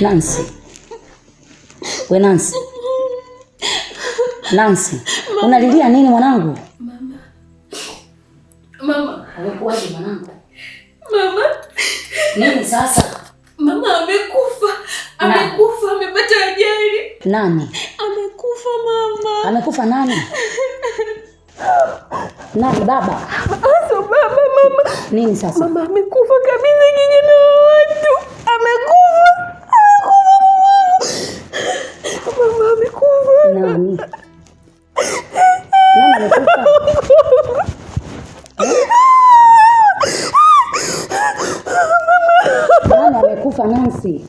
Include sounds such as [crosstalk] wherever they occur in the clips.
Nancy. We Nancy. Nancy. mama. Unalilia nini mwanangu? Mama. Mama. Amekuwaje mwanangu? Mama. Nini sasa? Mama amekufa. Amekufa, amepata ajali. Nani? Amekufa mama. Amekufa nani? Nani baba? Aso baba mama. Nini sasa? Mama amekufa kabisa kijana. Nani? Nani amekufa? amekufa Nancy?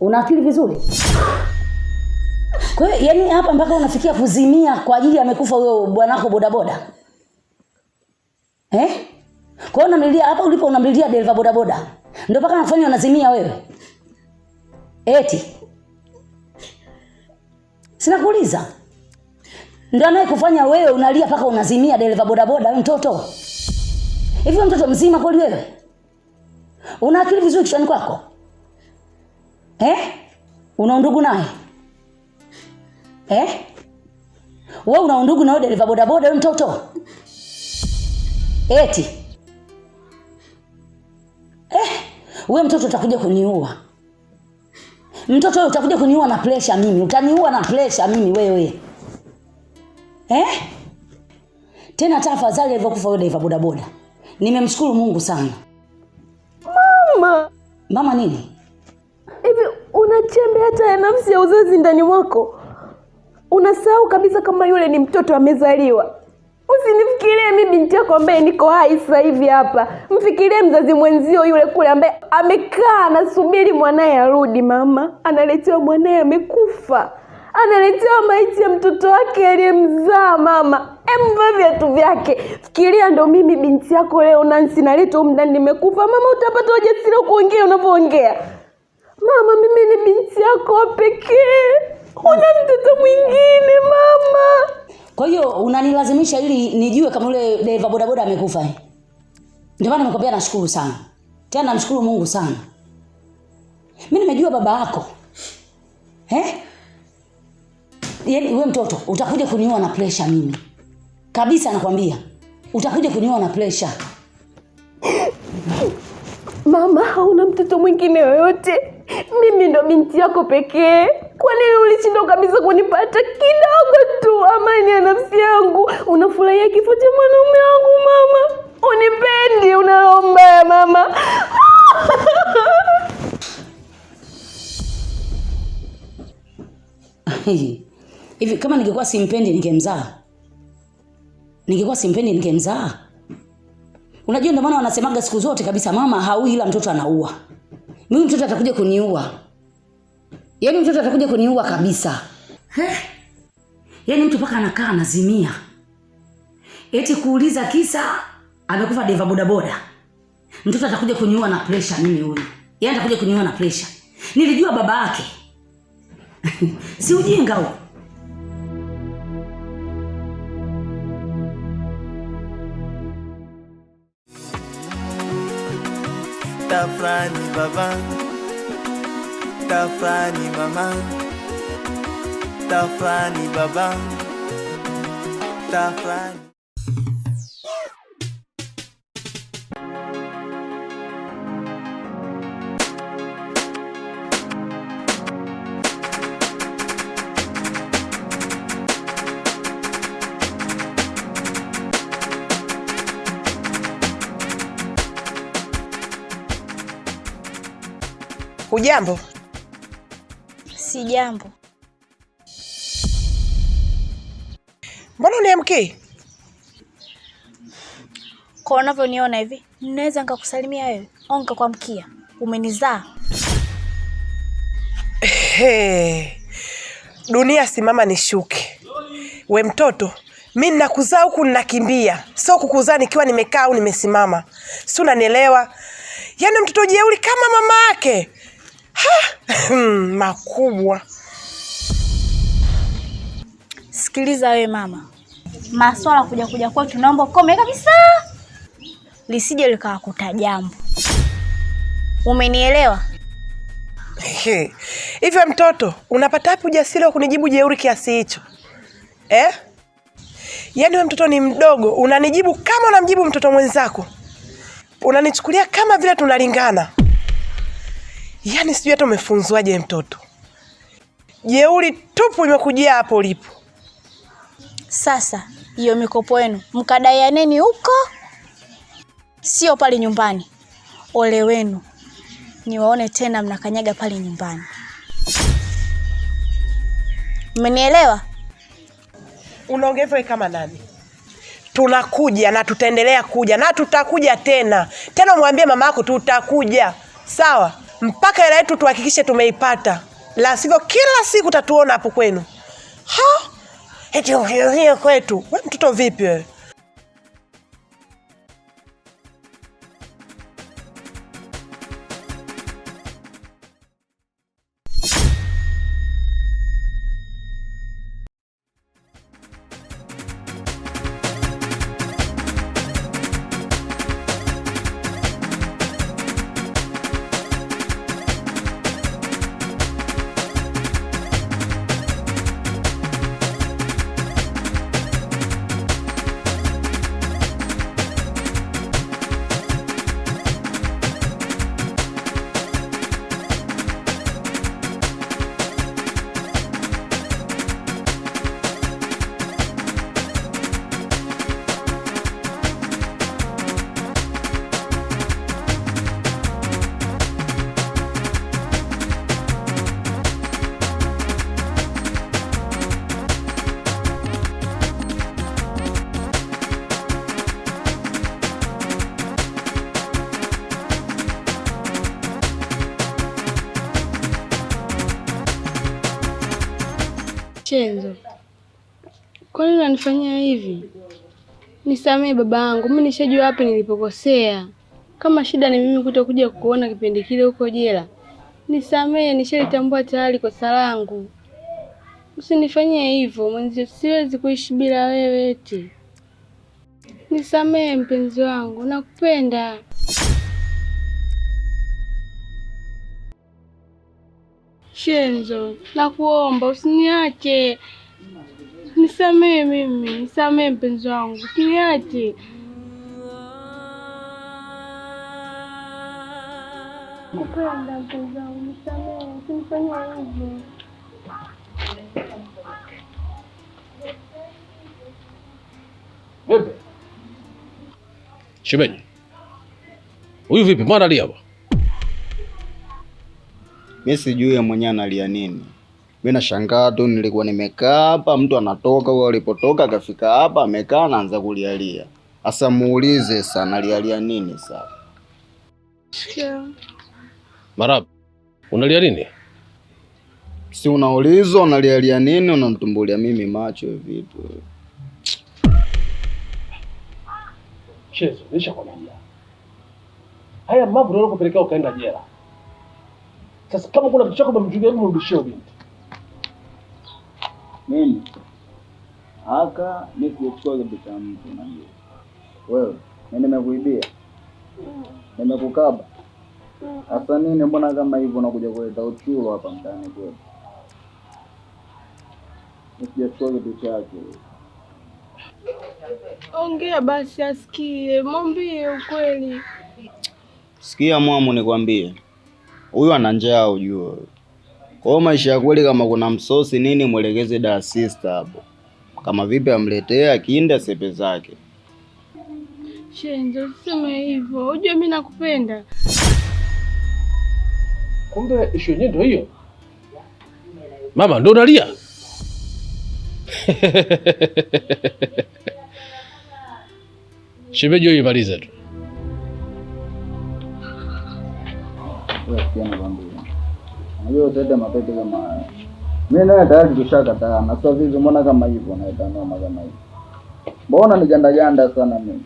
Una akili vizuri? Kwa hiyo yani hapa mpaka unafikia kuzimia kwa ajili amekufa huyo bwanako bodaboda eh? Kwa hiyo unamlilia hapa ulipo, unamlilia dereva bodaboda ndio mpaka anafanya unazimia wewe eti? Sinakuuliza, ndio anayekufanya wewe unalia mpaka unazimia dereva bodaboda? Wewe mtoto hivi, mtoto mzima kweli wewe? Una akili vizuri kichwani kwako? eh? Una undugu naye eh? Wewe una undugu na dereva bodaboda wewe mtoto eti eh? Wewe mtoto utakuja kuniua mtoto wewe, utakuja kuniua na pressure mimi, utaniua na pressure mimi wewe eh? Tena hata afadhali alivyokufa yule dereva bodaboda. Nimemshukuru Mungu sana mama. Mama nini? una chembe hata ya nafsi ya uzazi ndani mwako. Unasahau kabisa kama yule ni mtoto amezaliwa. Usinifikirie mimi binti yako ambaye niko hai sasa hivi hapa, mfikirie mzazi mwenzio yule kule ambaye amekaa anasubiri mwanaye arudi. Mama analetewa mwanaye amekufa, analetewa maiti ya mtoto wake aliyemzaa. Mama emva viatu vyake. Fikiria ndo mimi binti yako leo Nancy naletwa humu ndani nimekufa. Mama utapata ujasiri kuongea unavyoongea. Mama, mimi ni binti yako pekee, huna mtoto mwingine mama. Kwa hiyo unanilazimisha ili nijue kama yule dereva bodaboda amekufa. Eh? Ndio maana nimekwambia nashukuru sana, tena namshukuru Mungu sana. Mi nimejua baba yako eh? Yaani wewe mtoto utakuja kuniua na pressure mimi kabisa, nakwambia utakuja kuniua na pressure. mama. Hauna mtoto mwingine yoyote? mimi ndo binti yako pekee. Kwa nini ulishindwa kabisa kunipata kidogo tu, amani ya nafsi yangu? Unafurahia kifo cha mwanaume wangu mama, unipendi, unaomba mama [laughs] hivi kama ningekuwa simpendi ningemzaa? Ningekuwa simpendi ningemzaa? Unajua, ndio maana wanasemaga siku zote kabisa, mama haui ila mtoto anaua mimi mtoto atakuja kuniua, yaani mtoto atakuja kuniua kabisa. Heh. Yaani mtu mpaka anakaa anazimia, eti kuuliza kisa amekufa deva bodaboda, mtoto atakuja kuniua na pressure Mimi huyu yaani atakuja kuniua na pressure. nilijua baba yake [laughs] si ujinga huo. tafrani baba tafrani mama tafrani baba tafrani Hujambo? Si jambo. Mbona uniamkii? Kwa unavyoniona hivi, naweza nikakusalimia wewe au nikakuamkia? Umenizaa. Hey, dunia simama nishuke. We mtoto, mi ninakuzaa huku ninakimbia, so kukuzaa nikiwa nimekaa au nimesimama, si unanielewa? Yaani mtoto jeuri kama mama yake. Hmm, makubwa. Sikiliza wewe mama, maswala kuja kuja kwetu, naomba ukome kabisa, lisije likawakuta jambo. Umenielewa? Hivyo mtoto, unapata wapi ujasiri wa kunijibu jeuri kiasi hicho eh? Yaani we mtoto ni mdogo, unanijibu kama unamjibu mtoto mwenzako, unanichukulia kama vile tunalingana. Yaani sijui hata umefunzwaje mtoto. Jeuri tupu imekujia hapo ulipo. Sasa hiyo mikopo yenu mkadaianeni huko, sio pale nyumbani. Ole wenu, niwaone tena mnakanyaga pale nyumbani. Mmenielewa? Unaongea kama nani? Tunakuja na tutaendelea kuja na tutakuja tena tena. Mwambie mama yako tutakuja, sawa? mpaka hela yetu tuhakikishe tumeipata, la sivyo kila siku tatuona hapo kwenu. Ha, eti kwetu Wewe mtoto vipi wewe? kunifanyia hivi? Nisamehe baba yangu, mimi nishajua wapi nilipokosea. Kama shida ni mimi kutokuja kuona kipindi kile huko jela, nisamehe, nishalitambua tayari kosa langu. Usinifanyie hivyo mwenzio, siwezi kuishi bila wewe eti. Nisamehe mpenzi wangu, nakupenda. Shenzo, nakuomba usiniache. Nisamehe mimi, nisamehe mpenzi wangu, kiniache. Kupenda Shemeji, huyu vipi? Mbona analia hapa? Mimi sijui mwenyewe analia nini. Mimi nashangaa tu, nilikuwa nimekaa hapa, mtu anatoka huyo alipotoka, akafika hapa amekaa, anaanza kulialia. Asa muulize sana, alialia nini sasa? Yeah. Marab, unalia nini? Si unaulizwa unalialia nini, unamtumbulia mimi macho vipi? Chezo, nisha kwambia. Haya mambo ndio yanakupelekea ukaenda jela. Sasa kama kuna kitu chako umemjulia, mrudishie binti. Nini? Aka ni sikuchukua kitu cha mtu najua. Wewe, mimi nimekuibia. Nimekukaba. hasa nini mbona kama hivyo unakuja kuleta uchulo hapa mtaani kwetu? Sijachukua kitu chake. Ongea basi asikie, mwambie ukweli. Sikia mwamu, nikwambie. Huyu ana njaa ujue. Kwa maisha ya kweli, kama kuna msosi nini, mwelekeze da sister hapo, kama vipi amletea kinda sepe zake. Shenzo, sema hivyo, unajua mimi nakupenda. Kumbe ishu yenyewe ndio hiyo. Mama ndo unalia? [laughs] Shemeji imaliza tu hiyo utete mapete kama haya. Mimi naye tayari tushakataa na sasa hivi mbona kama hivyo na noma kama hivyo. Mbona ni ganda ganda sana mimi.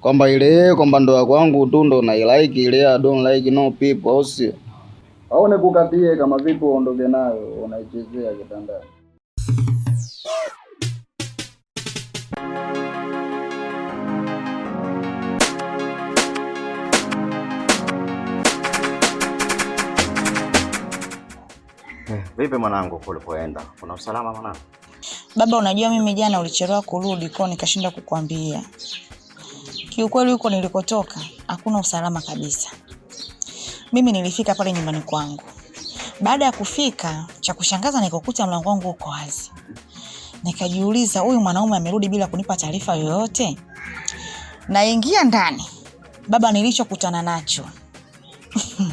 Kwamba ile kwamba ndoa kwangu tu ndo na like ile I don't like no people au sio? Au nikukatie kama vipo ondoke nayo unaichezea kitandani. Vipi mwanangu, kulipoenda kuna usalama mwanangu? Baba, unajua mimi jana ulichelewa kurudi kwao, nikashinda kukwambia. Kiukweli huko nilikotoka hakuna usalama kabisa. Mimi nilifika pale nyumbani kwangu, baada ya kufika, cha kushangaza nikakuta mlango wangu uko wazi. Nikajiuliza, huyu mwanaume amerudi bila kunipa taarifa yoyote. Naingia ndani, baba, nilichokutana nacho [laughs]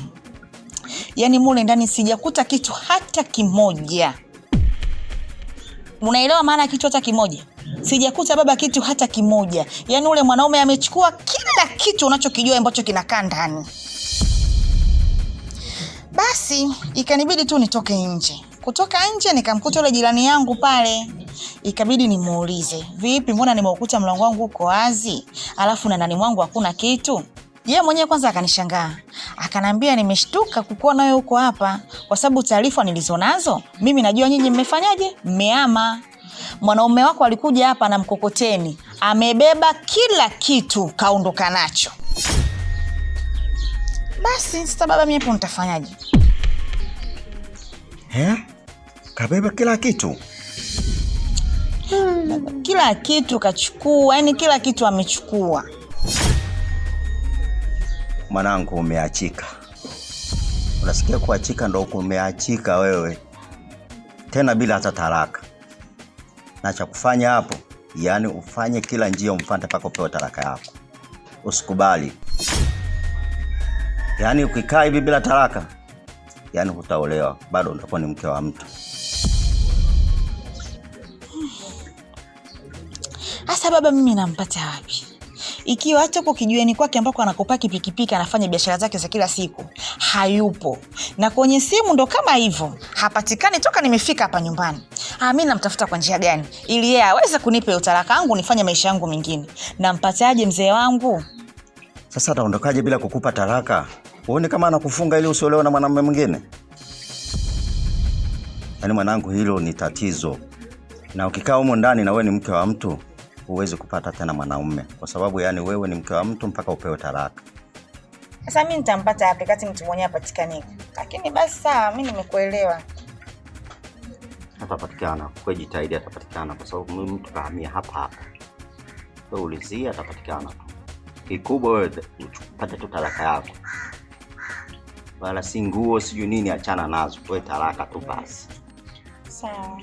yani mule ndani sijakuta kitu hata kimoja. Unaelewa maana ya kitu hata kimoja? Sijakuta baba kitu hata kimoja. Yani ule mwanaume amechukua kila kitu unachokijua ambacho kinakaa ndani. Basi ikanibidi tu nitoke nje. Kutoka nje nikamkuta yule jirani yangu pale, ikabidi nimuulize, vipi, mbona nimeukuta mlango wangu uko wazi alafu na ndani mwangu hakuna kitu? Yeye mwenyewe kwanza akanishangaa, akanambia nimeshtuka kukuona wewe huko hapa, kwa sababu taarifa nilizonazo mimi najua nyinyi mmefanyaje, mmeama. Mwanaume wako alikuja hapa na mkokoteni, amebeba kila kitu, kaondoka nacho. Basi sasa baba, mimi hapo nitafanyaje? kabeba kila kitu hmm, Kila kitu kachukua, yani kila kitu amechukua mwanangu, umeachika. Unasikia, kuachika ndo kumeachika wewe, tena bila hata talaka. Na cha kufanya hapo, yaani ufanye kila njia umfuate mpaka upewe talaka yako, usikubali. Yaani ukikaa hivi bila talaka, yaani hutaolewa, bado utakuwa ni mke wa mtu. Hasa baba, mimi nampata wapi? Ikiwa hata huko kijiweni kwake ambako anakopaki pikipiki anafanya biashara zake za kila siku hayupo, na kwenye simu ndo kama hivyo, hapatikani toka nimefika hapa nyumbani. Ah, mi namtafuta kwa njia gani ili yeye aweze kunipa utaraka wangu nifanye maisha yangu mengine? Nampataje mzee wangu? Sasa ataondokaje bila kukupa taraka? Uone kama anakufunga ili usiolewe na mwanamume mwingine. Yaani mwanangu, hilo ni tatizo, na ukikaa humo ndani na wewe ni mke wa mtu huwezi kupata tena mwanaume, kwa sababu yani wewe ni mke wa mtu mpaka upewe talaka. Sasa mimi nitampata yapi kati mtu mwenyewe apatikane? Lakini basi sawa, mimi nimekuelewa. Atapatikana kwa jitahidi, atapatikana kwa sababu mimi mtu kahamia hapa hapa, wewe ulizia, atapatikana tu. Kikubwa wewe upate tu talaka yako, wala si nguo sijui nini, achana nazo, wewe talaka tu basi. Sawa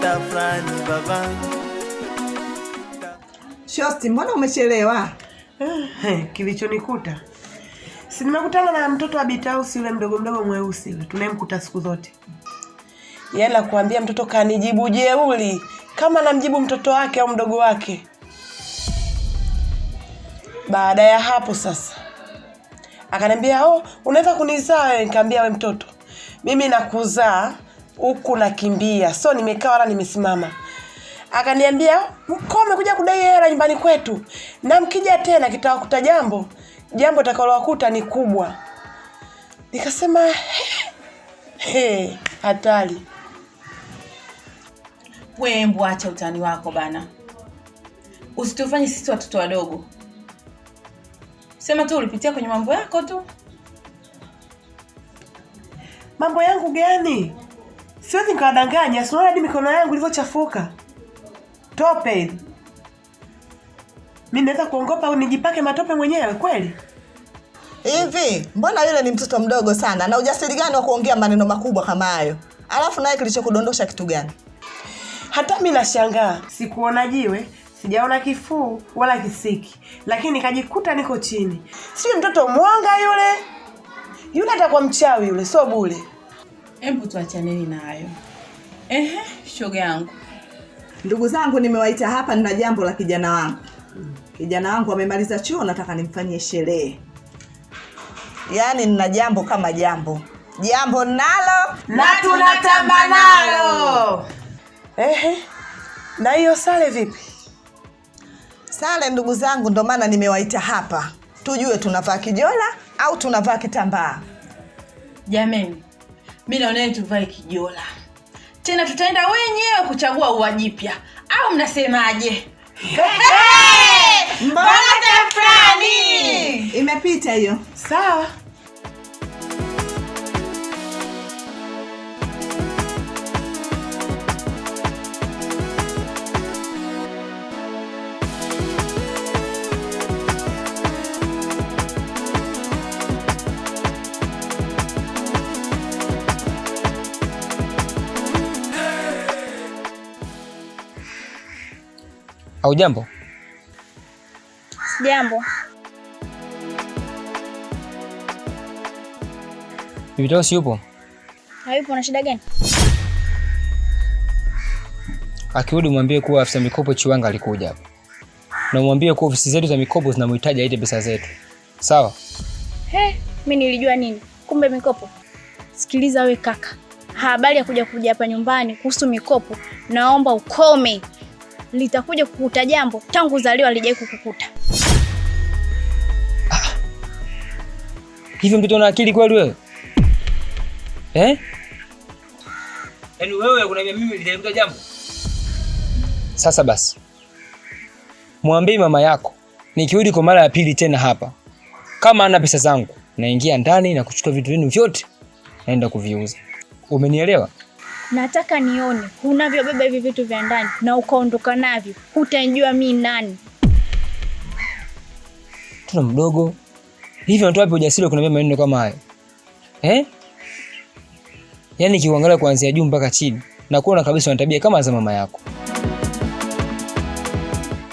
tafurani baba. Shosti, mbona umechelewa? Eh, eh, kilichonikuta si nimekutana na mtoto wa Bitausi yule mdogo mdogo mweusi yule tunayemkuta siku zote. Yeye kuambia mtoto kanijibu jeuli kama namjibu mtoto wake au mdogo wake. Baada ya hapo sasa akaniambia, oh, unaweza kunizaa wewe? Nikamwambia we mtoto, mimi nakuzaa huku nakimbia, so nimekaa wala nimesimama. Akaniambia mko amekuja kudai hela nyumbani kwetu, na mkija tena kitawakuta jambo jambo takalowakuta ni kubwa. Nikasema he, hatari. We mbu, acha utani wako bana, usitufanye sisi watoto wadogo. Sema tu ulipitia kwenye mambo yako tu. Mambo yangu gani? siwezi nikawadanganya, sinaona hadi mikono yangu ilivyochafuka tope. Mi naweza kuongopa au nijipake matope mwenyewe kweli? Hivi mbona yule ni mtoto mdogo sana, na ujasiri gani wa kuongea maneno makubwa kama hayo? Alafu naye kilichokudondosha kitu gani? Hata mi nashangaa, sikuona jiwe, sijaona kifuu wala kisiki, lakini nikajikuta niko chini. sio mtoto mwanga yule yule, atakuwa mchawi yule, sio bule. Hebu tuachaneni na hayo. Ehe, shoga yangu. Ndugu zangu, nimewaita hapa, nina jambo la kijana wangu. Kijana wangu amemaliza chuo, nataka nimfanyie sherehe. Yaani nina jambo kama jambo, jambo nalo na tunatamba nalo. Ehe, na hiyo sare vipi? Sare ndugu zangu, ndo maana nimewaita hapa, tujue tunavaa kijola au tunavaa kitambaa. Jameni, naonaye tuvae kijola tena, tutaenda wenyewe kuchagua ua jipya, au mnasemaje? Mbona tafrani imepita hiyo, sawa. au jambo? Jambo. Bibi Tosi yupo? Hayupo, na shida gani? Akirudi mwambie kuwa afisa mikopo Chiwanga alikuja hapa, na mwambie kuwa ofisi zetu za mikopo zinamhitaji aite pesa zetu, sawa? He, mimi nilijua nini? Kumbe mikopo. Sikiliza we kaka, habari ya kuja kuja hapa nyumbani kuhusu mikopo, naomba ukome litakuja kukuta jambo tangu uzaliwa lijai kukukuta ah. Hivi mtoto una akili kweli wewe eh? Yaani wewe unaniambia mimi nitakuta jambo? Sasa basi mwambie mama yako nikirudi kwa mara ya pili tena hapa, kama ana pesa zangu naingia ndani na kuchukua vitu vyenu vyote naenda kuviuza. Umenielewa? nataka nione unavyobeba hivi vitu vya ndani na ukaondoka navyo, hutanijua mi nani. Mtoto mdogo hivi unatoa wapi ujasiri wa kuniambia maneno kama hayo eh? Yaani kiuangalia kuanzia juu mpaka chini na kuona kabisa una tabia kama za mama yako.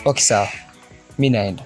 Okay, sawa, mi naenda.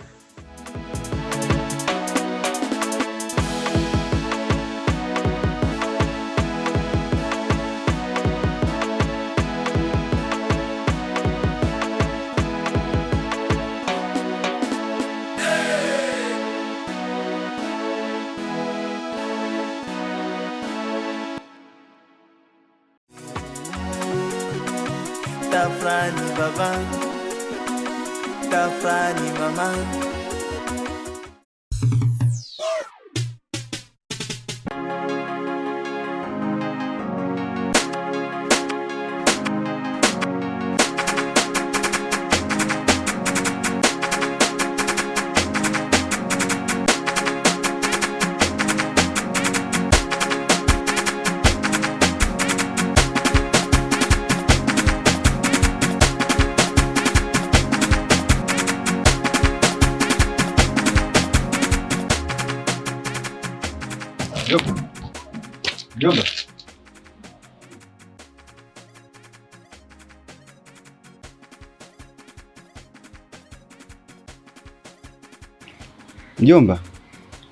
Mjomba,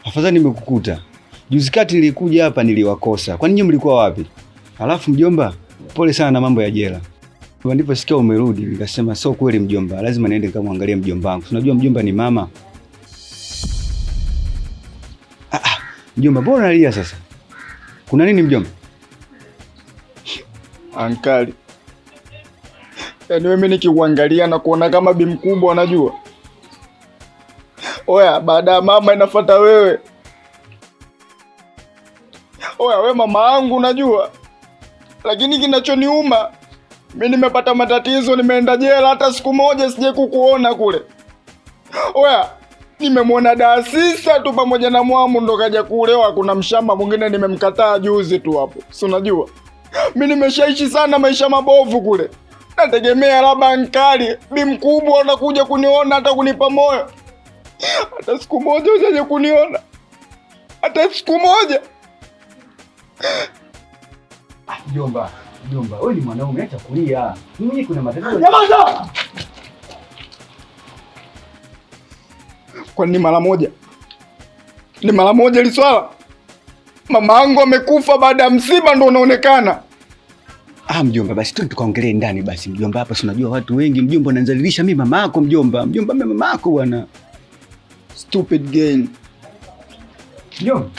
afadhali nimekukuta. Juzi kati nilikuja hapa niliwakosa. Kwani nyinyi mlikuwa wapi? Alafu mjomba, pole sana na mambo ya jela. Ndipo sikia umerudi nikasema sio kweli mjomba, lazima niende nikamwangalie mjomba wangu. Unajua mjomba ni mama. Ah, ah, mjomba bora nalia sasa. Kuna nini mjomba? Ankali. Yaani mimi nikikuangalia na kuona kama bi mkubwa anajua. Oya, baada ya mama inafuata wewe. Oya, we mama yangu unajua, lakini kinachoniuma mi nimepata matatizo, nimeenda jela, hata siku moja sije kukuona kule. Oya, nimemwona Daasisa tu pamoja na Mwamu ndo kaja kuolewa. Kuna mshamba mwingine nimemkataa juzi tu hapo, si unajua mi nimeshaishi sana maisha mabovu kule, nategemea labda nkali bi mkubwa anakuja kuniona hata kunipa moyo hata siku moja ujaje kuniona, hata siku moja. Ah, jomba, jomba, wewe ni mwanaume, acha kulia. Mimi kuna matatizo. Nyamaza! Kwa nini mara moja? Ni mara moja ile swala. Mama yangu amekufa baada ya msiba ndo unaonekana. Ah, mjomba basi tu tukaongelee ndani basi mjomba, hapa si unajua watu wengi mjomba, unanzalilisha mimi mama yako mjomba. Mjomba mimi mama yako bwana. stupid game, Yo!